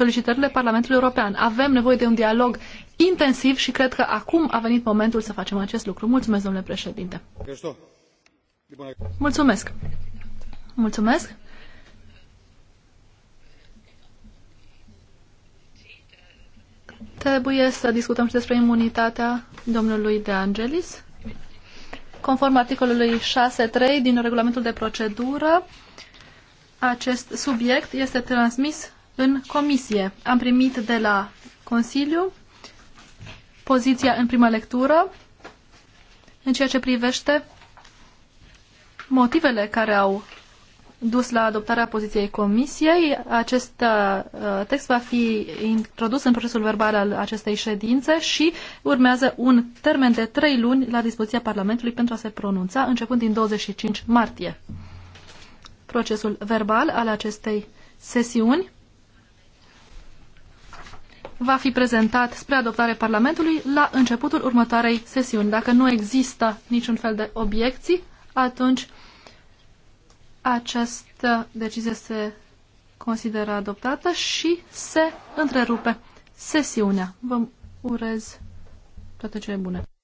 solicitările Parlamentului European. Avem nevoie de un dialog intensiv și cred că acum a venit momentul să facem acest lucru. Mulțumesc, domnule președinte. Mulțumesc. Mulțumesc. Trebuie să discutăm și despre imunitatea domnului De Angelis. Conform articolului 6.3 din regulamentul de procedură, acest subiect este transmis în comisie. Am primit de la Consiliu poziția în prima lectură în ceea ce privește motivele care au dus la adoptarea poziției comisiei. Acest uh, text va fi introdus în procesul verbal al acestei ședințe și urmează un termen de trei luni la dispoziția Parlamentului pentru a se pronunța, începând din 25 martie. Procesul verbal al acestei sesiuni va fi prezentat spre adoptare Parlamentului la începutul următoarei sesiuni. Dacă nu există niciun fel de obiecții, atunci această decizie se consideră adoptată și se întrerupe sesiunea. Vă urez toate cele bune.